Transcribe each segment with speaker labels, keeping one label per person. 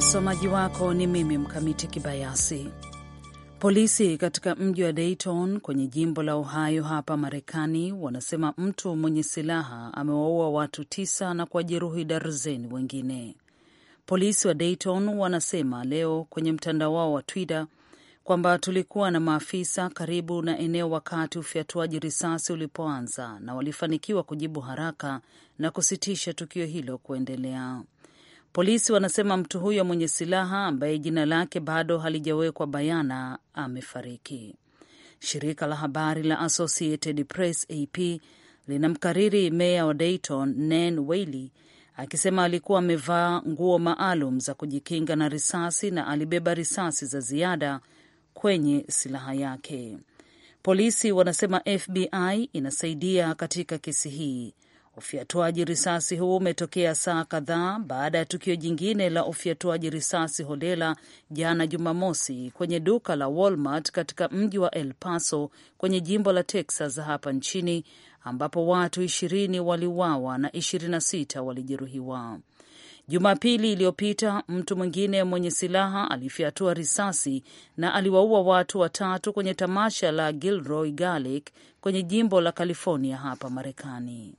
Speaker 1: Msomaji wako ni mimi Mkamiti Kibayasi. Polisi katika mji wa Dayton kwenye jimbo la Ohio hapa Marekani wanasema mtu mwenye silaha amewaua watu tisa na kuwajeruhi darzeni wengine. Polisi wa Dayton wanasema leo kwenye mtandao wao wa Twitter kwamba tulikuwa na maafisa karibu na eneo wakati ufyatuaji risasi ulipoanza na walifanikiwa kujibu haraka na kusitisha tukio hilo kuendelea. Polisi wanasema mtu huyo mwenye silaha ambaye jina lake bado halijawekwa bayana amefariki. Shirika la habari la Associated Press AP linamkariri meya wa Dayton nan Whaley akisema alikuwa amevaa nguo maalum za kujikinga na risasi na alibeba risasi za ziada kwenye silaha yake. Polisi wanasema FBI inasaidia katika kesi hii. Ufyatuaji risasi huu umetokea saa kadhaa baada ya tukio jingine la ufyatuaji risasi holela jana Jumamosi kwenye duka la Walmart katika mji wa El Paso kwenye jimbo la Texas hapa nchini ambapo watu ishirini waliuawa na ishirini na sita walijeruhiwa. Jumapili iliyopita mtu mwingine mwenye silaha alifyatua risasi na aliwaua watu watatu kwenye tamasha la Gilroy Garlic kwenye jimbo la California hapa Marekani.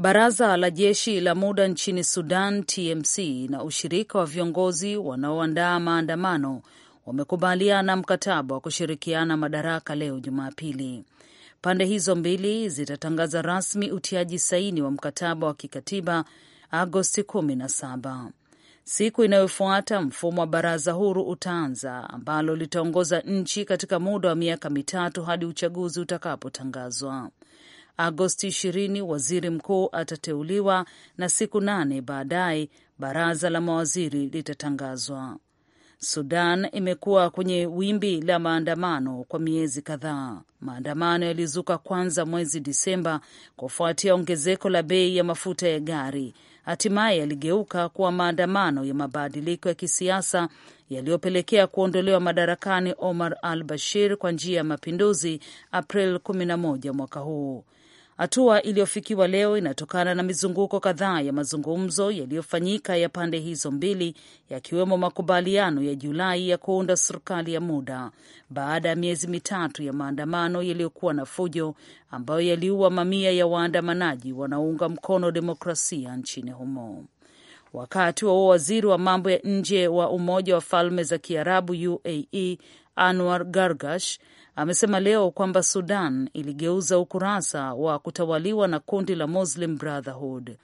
Speaker 1: Baraza la jeshi la muda nchini Sudan TMC na ushirika wa viongozi wanaoandaa maandamano wamekubaliana mkataba wa kushirikiana madaraka leo Jumapili. Pande hizo mbili zitatangaza rasmi utiaji saini wa mkataba wa kikatiba Agosti 17. Siku inayofuata mfumo wa baraza huru utaanza, ambalo litaongoza nchi katika muda wa miaka mitatu hadi uchaguzi utakapotangazwa. Agosti 20 waziri mkuu atateuliwa na siku nane baadaye baraza la mawaziri litatangazwa. Sudan imekuwa kwenye wimbi la maandamano kwa miezi kadhaa. Maandamano yalizuka kwanza mwezi Disemba kufuatia ongezeko la bei ya mafuta ya gari, hatimaye yaligeuka kuwa maandamano ya mabadiliko ya kisiasa yaliyopelekea kuondolewa madarakani Omar al Bashir kwa njia ya mapinduzi April 11 mwaka huu. Hatua iliyofikiwa leo inatokana na mizunguko kadhaa ya mazungumzo yaliyofanyika ya pande hizo mbili, yakiwemo makubaliano ya Julai ya kuunda serikali ya muda baada ya miezi mitatu ya maandamano yaliyokuwa na fujo ambayo yaliua mamia ya waandamanaji wanaounga mkono demokrasia nchini humo. Wakati wa waziri wa mambo ya nje wa Umoja wa Falme za Kiarabu UAE Anwar Gargash amesema leo kwamba Sudan iligeuza ukurasa wa kutawaliwa na kundi la Muslim Brotherhood.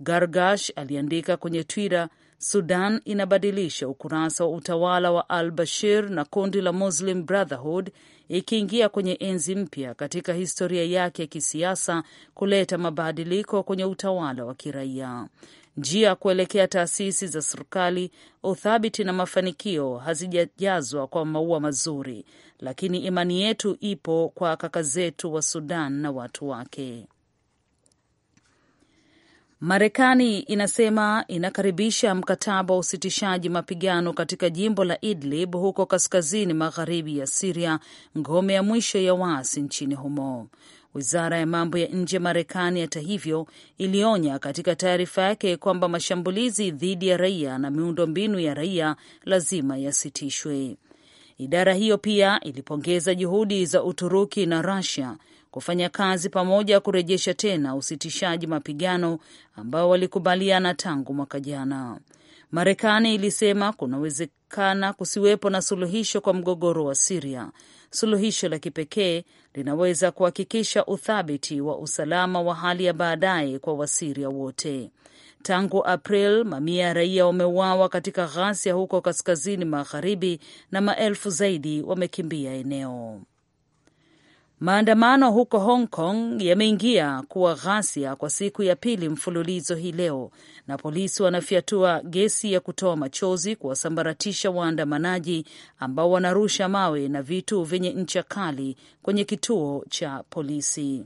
Speaker 1: Gargash aliandika kwenye Twitter, Sudan inabadilisha ukurasa wa utawala wa Al Bashir na kundi la Muslim Brotherhood, ikiingia kwenye enzi mpya katika historia yake ya kisiasa, kuleta mabadiliko kwenye utawala wa kiraia njia kuelekea taasisi za serikali, uthabiti na mafanikio hazijajazwa kwa maua mazuri, lakini imani yetu ipo kwa kaka zetu wa Sudan na watu wake. Marekani inasema inakaribisha mkataba wa usitishaji mapigano katika jimbo la Idlib huko kaskazini magharibi ya Siria, ngome ya mwisho ya waasi nchini humo. Wizara ya mambo ya nje ya Marekani, hata hivyo, ilionya katika taarifa yake kwamba mashambulizi dhidi ya raia na miundo mbinu ya raia lazima yasitishwe. Idara hiyo pia ilipongeza juhudi za Uturuki na rasia kufanya kazi pamoja kurejesha tena usitishaji mapigano ambao walikubaliana tangu mwaka jana. Marekani ilisema kunawezekana kusiwepo na suluhisho kwa mgogoro wa Siria Suluhisho la kipekee linaweza kuhakikisha uthabiti wa usalama wa hali ya baadaye kwa Wasiria wote. Tangu April, mamia ya raia wameuawa katika ghasia huko kaskazini magharibi na maelfu zaidi wamekimbia eneo. Maandamano huko Hong Kong yameingia kuwa ghasia kwa siku ya pili mfululizo hii leo, na polisi wanafyatua gesi ya kutoa machozi kuwasambaratisha waandamanaji ambao wanarusha mawe na vitu vyenye ncha kali kwenye kituo cha polisi.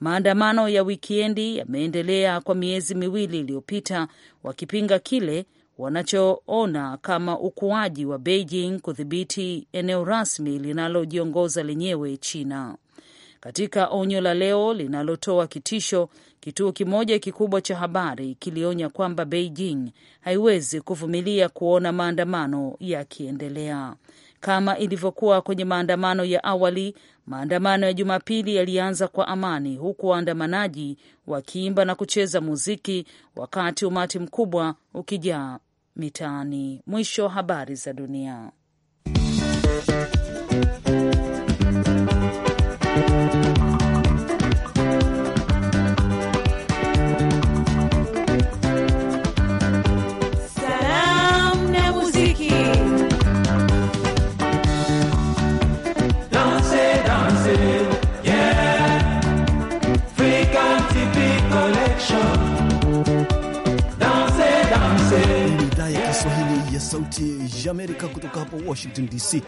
Speaker 1: Maandamano ya wikiendi yameendelea kwa miezi miwili iliyopita, wakipinga kile wanachoona kama ukuaji wa Beijing kudhibiti eneo rasmi linalojiongoza lenyewe China. Katika onyo la leo linalotoa kitisho, kituo kimoja kikubwa cha habari kilionya kwamba Beijing haiwezi kuvumilia kuona maandamano yakiendelea. Kama ilivyokuwa kwenye maandamano ya awali, maandamano ya Jumapili yalianza kwa amani, huku waandamanaji wakiimba na kucheza muziki, wakati umati mkubwa ukijaa mitaani. Mwisho habari za dunia.
Speaker 2: ya Amerika kutoka hapa Washington DC.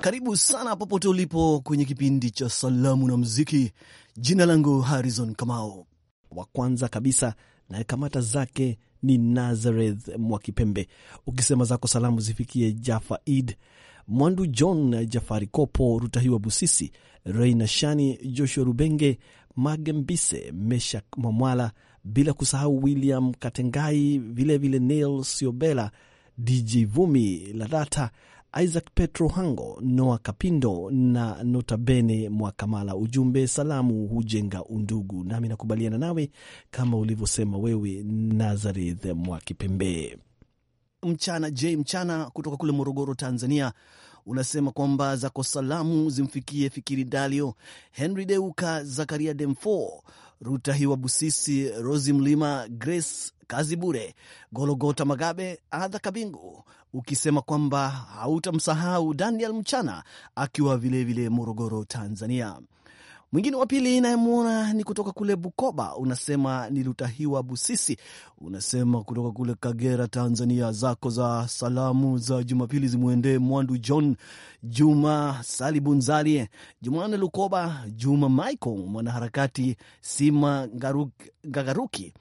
Speaker 2: Karibu sana popote ulipo kwenye kipindi cha salamu na muziki. Jina langu Harrison Kamao. Wa kwanza kabisa naye kamata zake ni Nazareth Mwakipembe, ukisema zako salamu zifikie Jafa Id Mwandu, John Jafari Kopo, Rutahiwa Busisi, Reina Shani, Joshua Rubenge, Magembise, Meshak Mwamwala, bila kusahau William Katengai, vilevile nel Siobela DJ Vumi, Ladata, Isaac Petro Hango, Noa Kapindo na Notabene Mwakamala. Ujumbe salamu hujenga undugu, nami nakubaliana nawe kama ulivyosema wewe, Nazareth Mwakipembe. Mchana J Mchana kutoka kule Morogoro, Tanzania, unasema kwamba zako salamu zimfikie Fikiri Dalio, Henry Deuka, Zakaria Demfo, Ruta Hiwa Busisi, Rosi Mlima, Grace kazi bure. Gologota Magabe Adha Kabingu ukisema kwamba hautamsahau Daniel Mchana akiwa vilevile vile Morogoro, Tanzania. Mwingine wa pili inayemwona ni kutoka kule Bukoba, unasema ni Lutahiwa Busisi, unasema kutoka kule Kagera, Tanzania. Zako za salamu za Jumapili zimwendee Mwandu John Juma, Salibunzali, Jumane Lukoba, Juma Michael, mwanaharakati Sima Ngagaruki,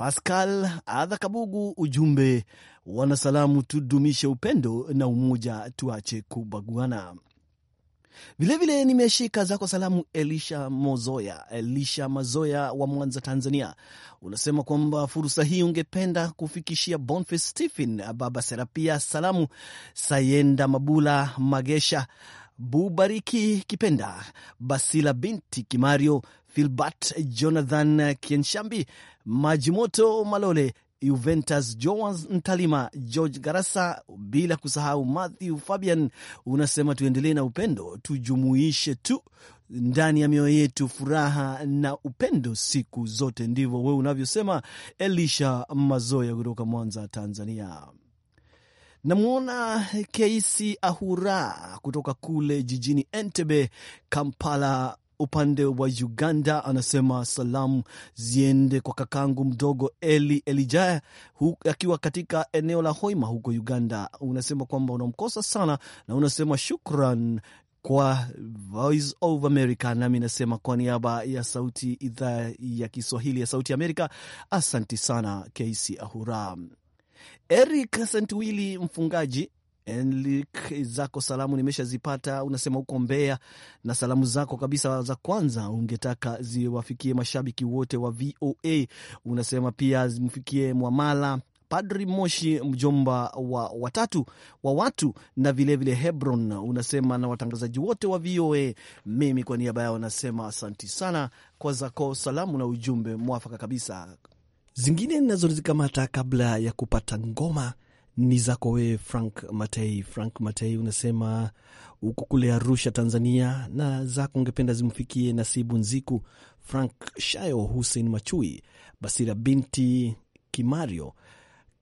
Speaker 2: Pascal Adha Kabugu, ujumbe wanasalamu, tudumishe upendo na umoja, tuache kubaguana. Vilevile nimeshika zako salamu. Elisha Mozoya, Elisha Mazoya wa Mwanza, Tanzania, unasema kwamba fursa hii ungependa kufikishia bonfe Stephen, Baba Serapia, salamu Sayenda Mabula Magesha, Bubariki Kipenda, Basila binti Kimario, Philbert Jonathan Kienshambi, Majimoto Malole, Juventus Joas Ntalima, George Garasa, bila kusahau Matthew Fabian. Unasema tuendelee na upendo, tujumuishe tu ndani ya mioyo yetu furaha na upendo siku zote. Ndivyo wewe unavyosema, Elisha Mazoya kutoka Mwanza, Tanzania. Namwona Keisi Ahura kutoka kule jijini Entebbe, Kampala, upande wa Uganda anasema salamu ziende kwa kakangu mdogo Eli Elijaya akiwa katika eneo la Hoima huko Uganda. Unasema kwamba unamkosa sana na unasema shukran kwa Voice of America. Nami nasema kwa niaba ya sauti idhaa ya Kiswahili ya Sauti ya Amerika, asanti sana KC Ahura. Eric Sentwili mfungaji Enlik, zako salamu nimeshazipata, unasema huko Mbeya, na salamu zako kabisa za kwanza ungetaka ziwafikie mashabiki wote wa VOA. Unasema pia zimfikie Mwamala Padri Moshi, mjomba wa watatu wa watu, na vilevile vile Hebron. Unasema na watangazaji wote wa VOA, mimi kwa niaba yao nasema asanti sana kwa zako salamu na ujumbe mwafaka kabisa. Zingine nazozikamata kabla ya kupata ngoma ni zako wewe Frank Matei. Frank Matei, unasema huko kule Arusha, Tanzania, na zako ungependa zimfikie Nasibu Nziku, Frank Shayo, Hussein Machui, Basira binti Kimario,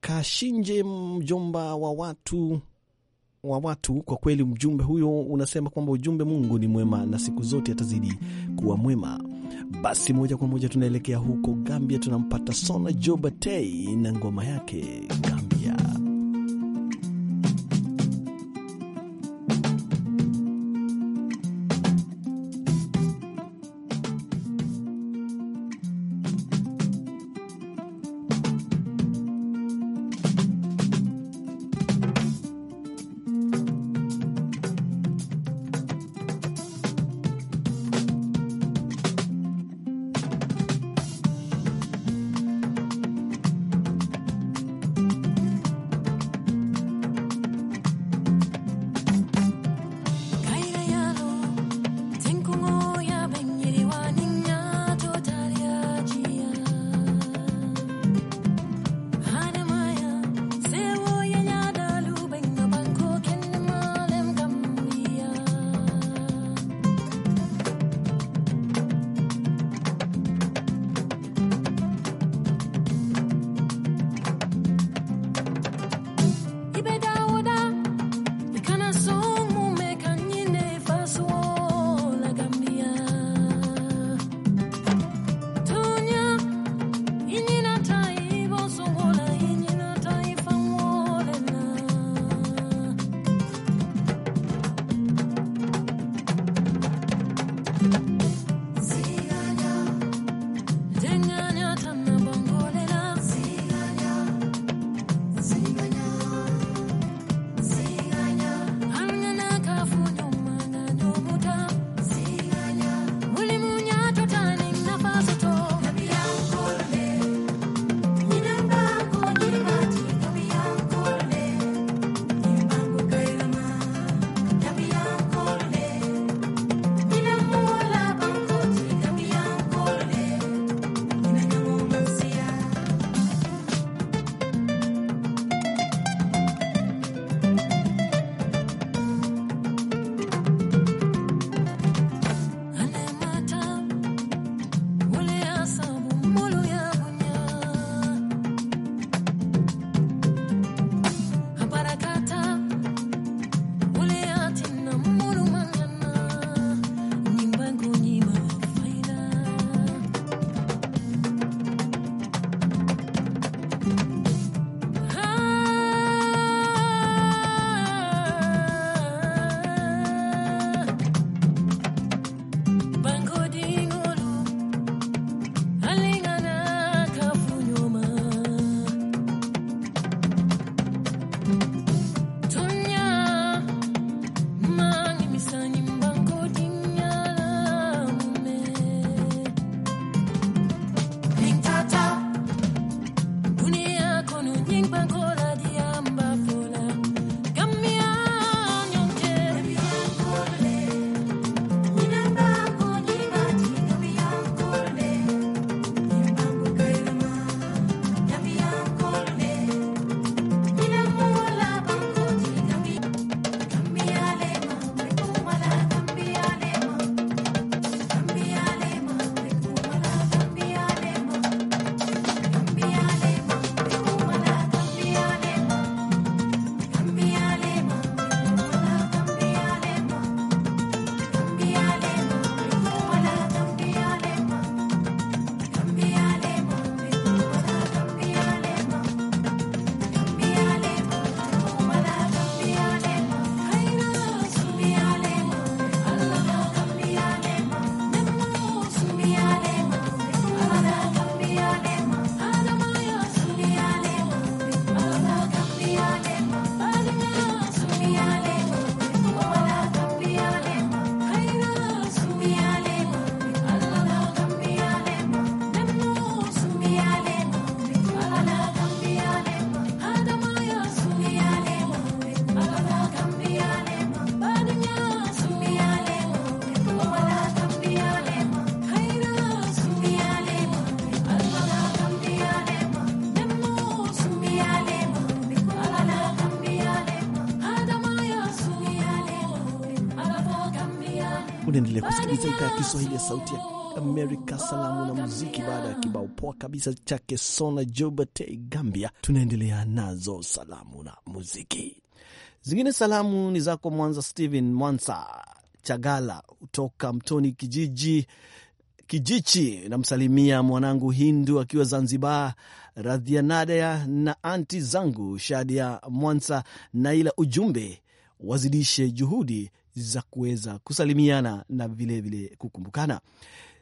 Speaker 2: Kashinje, mjomba wa watu wa watu. Kwa kweli mjumbe huyo unasema kwamba ujumbe, Mungu ni mwema na siku zote atazidi kuwa mwema. Basi moja kwa moja tunaelekea huko Gambia, tunampata Sona Jobatei na ngoma yake Gambia. Unaendelea kusikiliza idhaa ya Kiswahili ya Sauti ya Amerika, salamu na muziki. Baada ya kibao poa kabisa chake Sona Jobate Gambia, tunaendelea nazo salamu na muziki. Zingine salamu ni zako Mwanza Steven Mwansa Chagala kutoka Mtoni kijiji Kijichi. Namsalimia mwanangu Hindu akiwa Zanzibar, Radhianadea na anti zangu Shadia Mwansa na ila ujumbe wazidishe juhudi za kuweza kusalimiana na vilevile vile kukumbukana.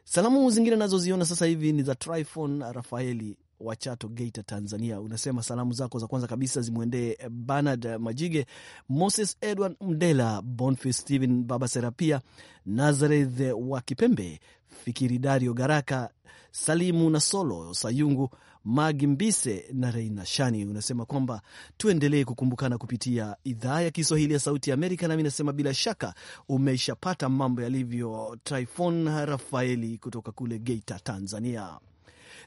Speaker 2: Salamu zingine nazoziona sasa hivi ni za Tryphon Rafaeli wa Chato, Geita, Tanzania. Unasema salamu zako za kwanza kabisa zimwendee Bernard Majige, Moses Edward Mdela, Boniface Stephen, Baba Serapia, Nazareth wa Kipembe, Fikiri Dario Garaka, Salimu na Solo Sayungu, Magi Mbise na Reina Shani. Unasema kwamba tuendelee kukumbukana kupitia idhaa ya Kiswahili ya Sauti ya Amerika, nami nasema bila shaka umeishapata mambo yalivyo. Tryfon Rafaeli kutoka kule Geita, Tanzania.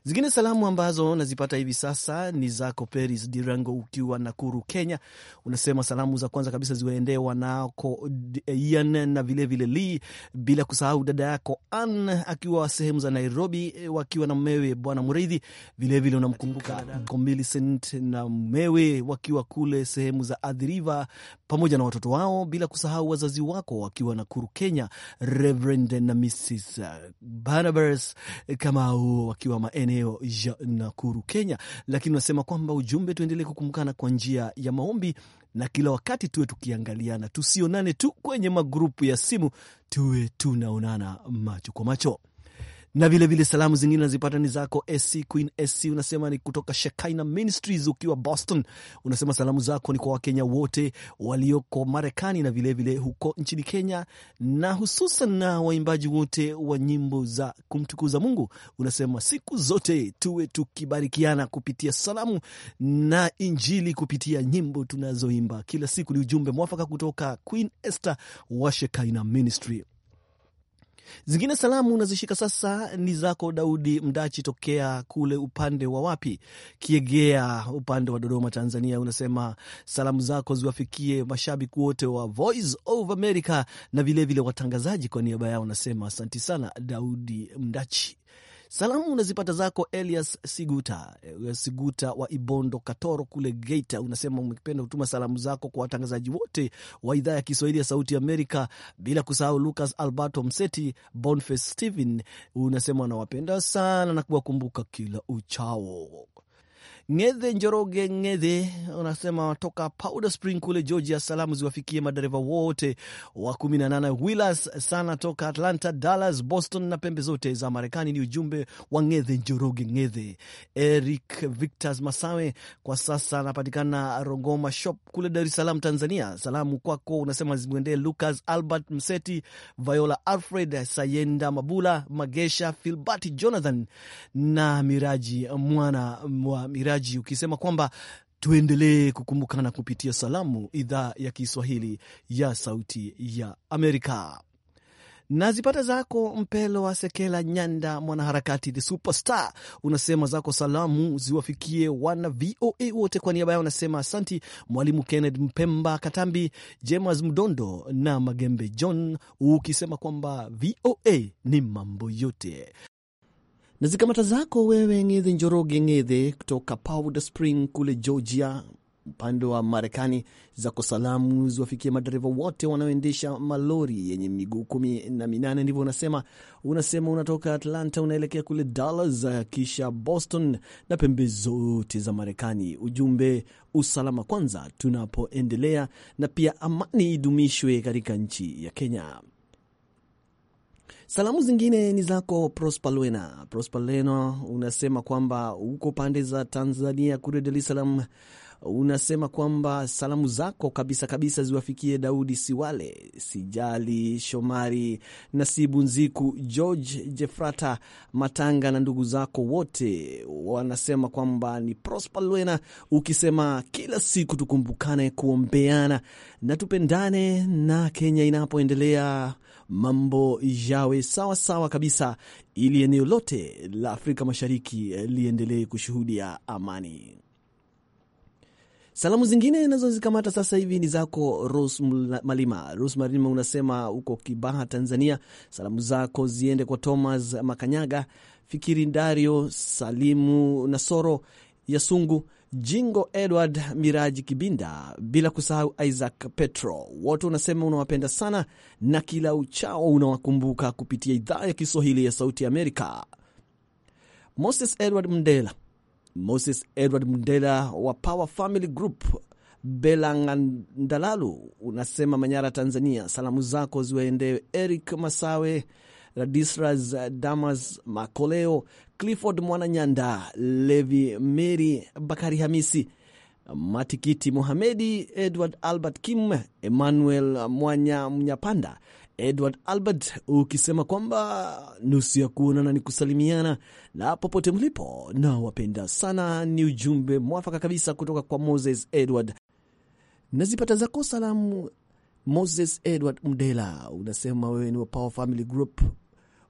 Speaker 2: Zingine salamu ambazo nazipata hivi sasa ni zako Peris Dirango ukiwa Nakuru, Kenya. Unasema salamu za kwanza kabisa ziwaendee wanako Ian na vilevile Li, bila kusahau dada yako Ann akiwa sehemu za Nairobi e, wakiwa na mmewe Bwana Mridhi. Vilevile unamkumbuka Millicent na mmewe wakiwa kule sehemu za Adhiriva pamoja na watoto wao, bila kusahau wazazi wako wakiwa Nakuru, Kenya, Reverend na Mrs Barnabas Kamau wakiwa maeneo maeneo ya Nakuru, Kenya, lakini unasema kwamba ujumbe, tuendelee kukumbukana kwa njia ya maombi na kila wakati tuwe tukiangaliana, tusionane tu kwenye magrupu ya simu, tuwe tunaonana macho kwa macho na vilevile vile salamu zingine nazipata ni zako SC Queen SC, unasema ni kutoka Shekina Ministries ukiwa Boston. Unasema salamu zako ni kwa Wakenya wote walioko Marekani na vilevile vile huko nchini Kenya, na hususan na waimbaji wote wa nyimbo za kumtukuza Mungu. Unasema siku zote tuwe tukibarikiana kupitia salamu na Injili kupitia nyimbo tunazoimba kila siku. Ni ujumbe mwafaka kutoka Queen Esther wa Shekina Ministry. Zingine salamu nazishika sasa ni zako Daudi Mdachi tokea kule upande wa wapi, Kiegea, upande wa Dodoma, Tanzania. Unasema salamu zako ziwafikie mashabiki wote wa Voice of America na vilevile watangazaji. Kwa niaba yao unasema asanti sana Daudi Mdachi. Salamu unazipata zako Elias Siguta, eh, Siguta wa Ibondo Katoro kule Geita. Unasema umependa kutuma salamu zako kwa watangazaji wote wa idhaa ya Kiswahili ya Sauti Amerika, bila kusahau Lucas Alberto Mseti, Boniface stehen Unasema nawapenda sana na kuwakumbuka kila uchao. Ng'ethe Njoroge Ng'ethe unasema toka Powder Spring kule Georgia. Salamu ziwafikie madereva wote wa 18 Willas sana toka Atlanta, Dallas, Boston na pembe zote za Marekani. Ni ujumbe wa Ng'ethe Njoroge Ng'ethe. Eric Victor Masawe kwa sasa anapatikana Rogoma Shop kule Dar es Salaam, Tanzania. Salamu kwako unasema zimwendee Lucas Albert Mseti, Viola Alfred Sayenda, Mabula Magesha, Filbert Jonathan na Miraji mwana wa Miraji msikilizaji ukisema kwamba tuendelee kukumbukana kupitia salamu, idhaa ya Kiswahili ya Sauti ya Amerika na zipata zako Mpelo wa Sekela Nyanda, mwanaharakati the superstar, unasema zako salamu ziwafikie wana VOA wote. Kwa niaba yao unasema asanti Mwalimu Kenneth Mpemba Katambi, James Mdondo na Magembe John, ukisema kwamba VOA ni mambo yote na zikamata zako wewe Ng'edhe Njoroge Ng'edhe kutoka Powder Spring kule Georgia, upande wa Marekani. Zako salamu ziwafikie madereva wote wanaoendesha malori yenye miguu kumi na minane, ndivyo unasema. Unasema unatoka Atlanta unaelekea kule Dallas, kisha Boston na pembe zote za Marekani. Ujumbe usalama kwanza tunapoendelea, na pia amani idumishwe katika nchi ya Kenya. Salamu zingine ni zako Prospalwena. Prospalwena unasema kwamba uko pande za Tanzania kule Dar es Salaam unasema kwamba salamu zako kabisa kabisa ziwafikie Daudi Siwale, Sijali Shomari, Nasibu Nziku, George Jefrata Matanga na ndugu zako wote. Wanasema kwamba ni Prosper Lwena, ukisema kila siku tukumbukane kuombeana na tupendane na Kenya inapoendelea mambo yawe sawa sawa kabisa, ili eneo lote la Afrika Mashariki eh, liendelee kushuhudia amani. Salamu zingine nazozikamata sasa hivi ni zako Ros Malima. Ros Malima unasema uko Kibaha, Tanzania. Salamu zako ziende kwa Thomas Makanyaga, Fikiri dario Salimu Nasoro, Yasungu Jingo Edward Miraji Kibinda, bila kusahau Isaac Petro. Wote unasema unawapenda sana na kila uchao unawakumbuka kupitia idhaa ya Kiswahili ya Sauti Amerika. Moses Edward Mndela, Moses Edward Mndela wa Power Family Group Belangandalalu, unasema Manyara, Tanzania. Salamu zako ziwaendee Eric Masawe, Radisras Damas Makoleo, Clifford Mwananyanda, Levi Mary, Bakari Hamisi Matikiti, Mohamedi Edward Albert Kim, Emmanuel Mwanya Mnyapanda, Edward Albert, ukisema kwamba nusu ya kuonana ni kusalimiana na popote mlipo na wapenda sana, ni ujumbe mwafaka kabisa kutoka kwa Moses Edward. Nazipata zako salamu Moses Edward Mdela, unasema wewe ni wa Power Family Group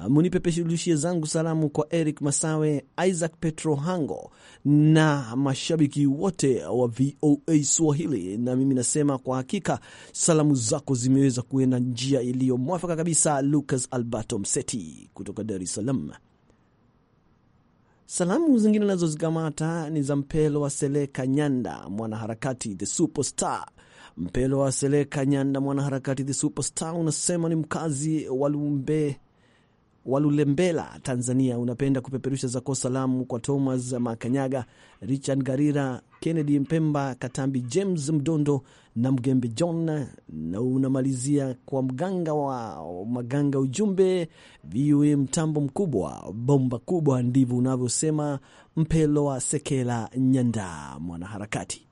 Speaker 2: Ah, munipepeshulishie zangu salamu kwa Eric Masawe, Isaac Petro Hango na mashabiki wote wa VOA Swahili. Na mimi nasema kwa hakika salamu zako zimeweza kuenda njia iliyomwafaka kabisa. Lucas Alberto Mseti kutoka Dar es Salaam. Salamu zingine nazozikamata ni za Mpelo wa Seleka Nyanda, mwanaharakati the superstar. Mpelo wa Seleka Nyanda, mwanaharakati the superstar, unasema ni mkazi wa Lumbe Walulembela, Tanzania, unapenda kupeperusha zako salamu kwa Thomas Makanyaga, Richard Garira, Kennedy Mpemba, Katambi James Mdondo na Mgembe John, na unamalizia kwa mganga wa maganga. Ujumbe VOA e mtambo mkubwa, bomba kubwa, ndivyo unavyosema Mpelo wa Sekela Nyanda, mwanaharakati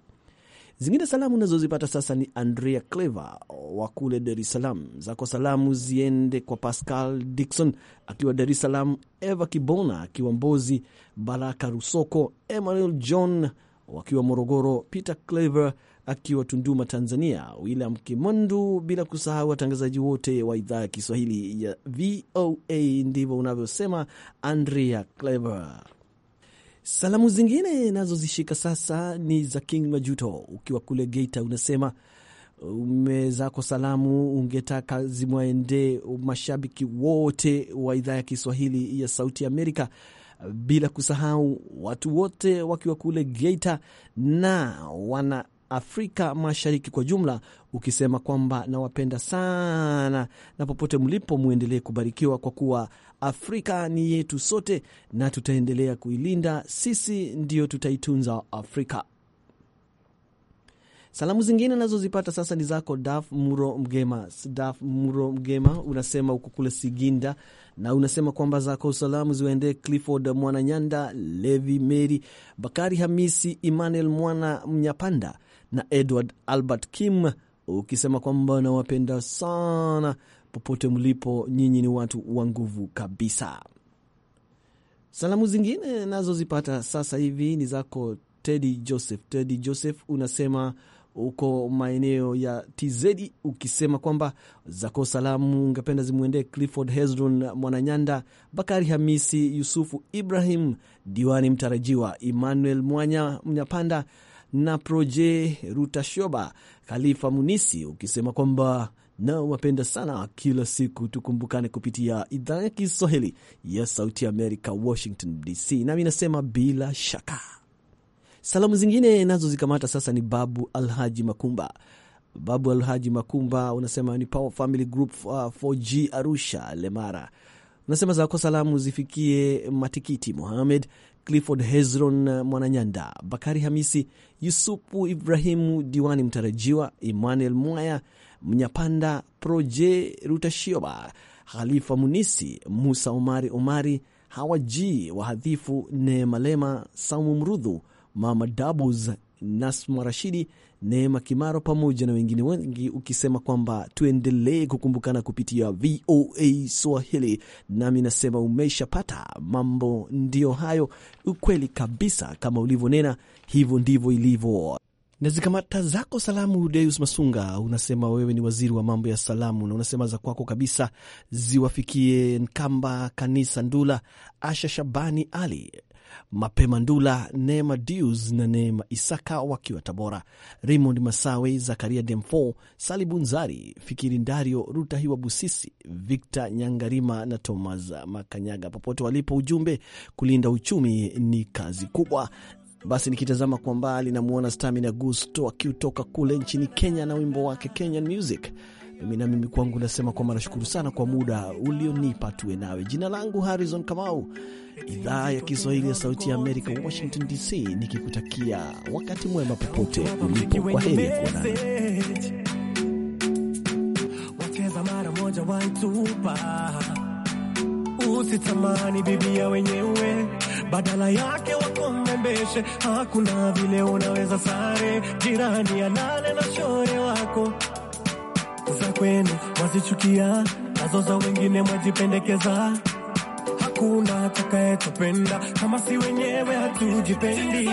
Speaker 2: Zingine salamu unazozipata sasa ni Andrea Clever wa kule Dar es Salaam. Zako salamu ziende kwa Pascal Dikson akiwa Dar es Salaam, Eva Kibona akiwa Mbozi, Baraka Rusoko, Emmanuel John wakiwa Morogoro, Peter Clever akiwa Tunduma, Tanzania, William Kimondu, bila kusahau watangazaji wote wa idhaa ya Kiswahili ya VOA. Ndivyo unavyosema Andrea Clever. Salamu zingine nazozishika sasa ni za King Majuto, ukiwa kule Geita, unasema umezako salamu ungetaka zimwaende mashabiki wote wa idhaa ya Kiswahili ya Sauti Amerika, bila kusahau watu wote wakiwa kule Geita na wana Afrika Mashariki kwa jumla, ukisema kwamba nawapenda sana na popote mlipo mwendelee kubarikiwa, kwa kuwa Afrika ni yetu sote na tutaendelea kuilinda. Sisi ndio tutaitunza Afrika. Salamu zingine nazozipata sasa ni zako Daf Muro Mgema. Daf Muro Mgema unasema uko kule Siginda na unasema kwamba zako salamu ziwaendee Clifford Mwananyanda, Levi Meri, Bakari Hamisi, Emmanuel Mwana Mnyapanda, na Edward Albert Kim ukisema kwamba nawapenda sana popote mlipo, nyinyi ni watu wa nguvu kabisa. Salamu zingine nazozipata sasa hivi ni zako Tedi Joseph. Tedi Joseph unasema uko maeneo ya TZ, ukisema kwamba zako salamu ungependa zimwendee Clifford Hezron Mwananyanda, Bakari Hamisi, Yusufu Ibrahim, diwani mtarajiwa Emmanuel Mwanya Mnyapanda, na Proje Rutashoba Khalifa Munisi, ukisema kwamba nao wapenda sana kila siku tukumbukane kupitia idhaa ya Kiswahili ya Sauti ya Amerika, Washington DC. Nami nasema bila shaka. Salamu zingine nazo zikamata sasa ni Babu Alhaji Makumba. Babu Alhaji Makumba unasema ni Power Family Group 4G uh, Arusha Lemara, unasema zako salamu zifikie Matikiti Mohamed Clifford Hezron Mwananyanda, Bakari Hamisi, Yusupu Ibrahimu, diwani mtarajiwa Emmanuel Mwaya, Mnyapanda Proje Rutashioba, Khalifa Munisi, Musa Omari Omari, Hawaji wahadhifu Neemalema, Saumu Mrudhu, Mama Dabus Nasma Rashidi, Neema Kimaro pamoja na wengine wengi, ukisema kwamba tuendelee kukumbukana kupitia VOA Swahili. Nami nasema umeshapata mambo, ndiyo hayo. Ukweli kabisa, kama ulivyonena, hivyo ndivyo ilivyo na zikamata zako salamu. Deus Masunga, unasema wewe ni waziri wa mambo ya salamu, na unasema za kwako kabisa ziwafikie Nkamba Kanisa Ndula, Asha Shabani Ali, Mapema Ndula, Neema dus na Neema Isaka wakiwa Tabora, Raymond Masawe, Zakaria Demfo, Salibunzari, Fikiri Ndario, Ruta Hiwa Busisi, Victor Nyangarima na Thomas Makanyaga, popote walipo. Ujumbe, kulinda uchumi ni kazi kubwa. Basi nikitazama kwa mbali, namwona Stamina Gusto akiutoka kule nchini Kenya na wimbo wake Kenyan Music. Mimi na mimi kwangu nasema kwamba nashukuru sana kwa muda ulionipa tuwe nawe. Jina langu Harrison Kamau, idhaa ya Kiswahili ya Sauti ya Amerika, Washington DC, nikikutakia wakati mwema popote ulipo. Kwa heri ya kuonana. Usitamani bibia wenyewe, badala yake wakombembeshe. Hakuna vile unaweza sare, jirani alale na shore wako kwenu mwazichukia, nazo za wengine mwajipendekeza.
Speaker 3: Hakuna atakayetupenda kama si wenyewe hatujipendi.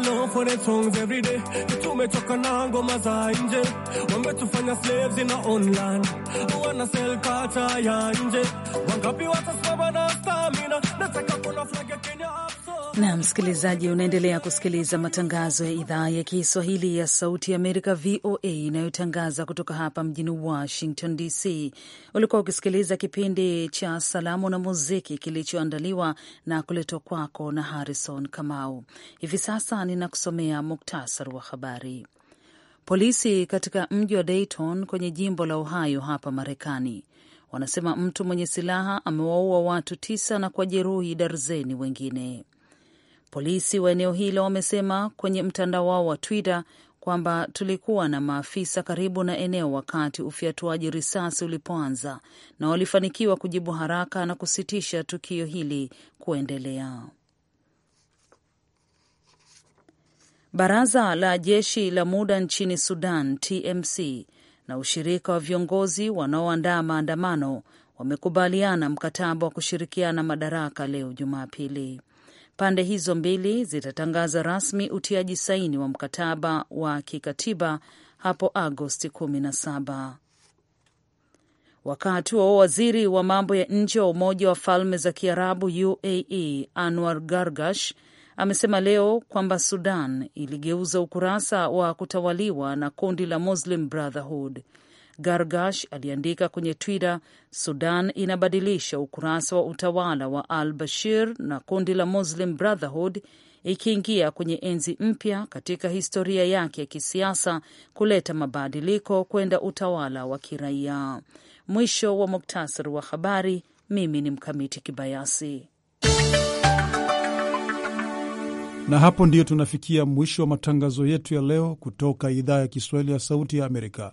Speaker 3: long for the songs every day. The two me talk and go maza inje. One bet to find the slaves in our own land. I wanna sell culture ya inje. to copy what a stamina. That's like a
Speaker 1: flag Kenya. na msikilizaji, unaendelea kusikiliza matangazo ya idhaa ya Kiswahili ya Sauti ya Amerika, VOA, inayotangaza kutoka hapa mjini Washington DC. Ulikuwa ukisikiliza kipindi cha Salamu na Muziki kilichoandaliwa na kuletwa kwako na Harrison Kamau. Hivi sasa ninakusomea muktasari wa habari. Polisi katika mji wa Dayton kwenye jimbo la Ohio hapa Marekani wanasema mtu mwenye silaha amewaua watu tisa na jeruhi darzeni wengine. Polisi wa eneo hilo wamesema kwenye mtandao wao wa Twitter kwamba tulikuwa na maafisa karibu na eneo wakati ufyatuaji risasi ulipoanza na walifanikiwa kujibu haraka na kusitisha tukio hili kuendelea. Baraza la jeshi la muda nchini Sudan TMC na ushirika wa viongozi wanaoandaa maandamano wamekubaliana mkataba wa kushirikiana madaraka leo Jumapili. Pande hizo mbili zitatangaza rasmi utiaji saini wa mkataba wa kikatiba hapo Agosti 17. Wakati wa waziri wa mambo ya nje wa Umoja wa Falme za Kiarabu UAE Anwar Gargash amesema leo kwamba Sudan iligeuza ukurasa wa kutawaliwa na kundi la Muslim Brotherhood Gargash aliandika kwenye Twitter, Sudan inabadilisha ukurasa wa utawala wa al Bashir na kundi la Muslim Brotherhood ikiingia kwenye enzi mpya katika historia yake ya kisiasa kuleta mabadiliko kwenda utawala wa kiraia. Mwisho wa muktasari wa habari. Mimi ni Mkamiti Kibayasi,
Speaker 4: na hapo ndiyo tunafikia mwisho wa matangazo yetu ya leo kutoka idhaa ya Kiswahili ya Sauti ya Amerika.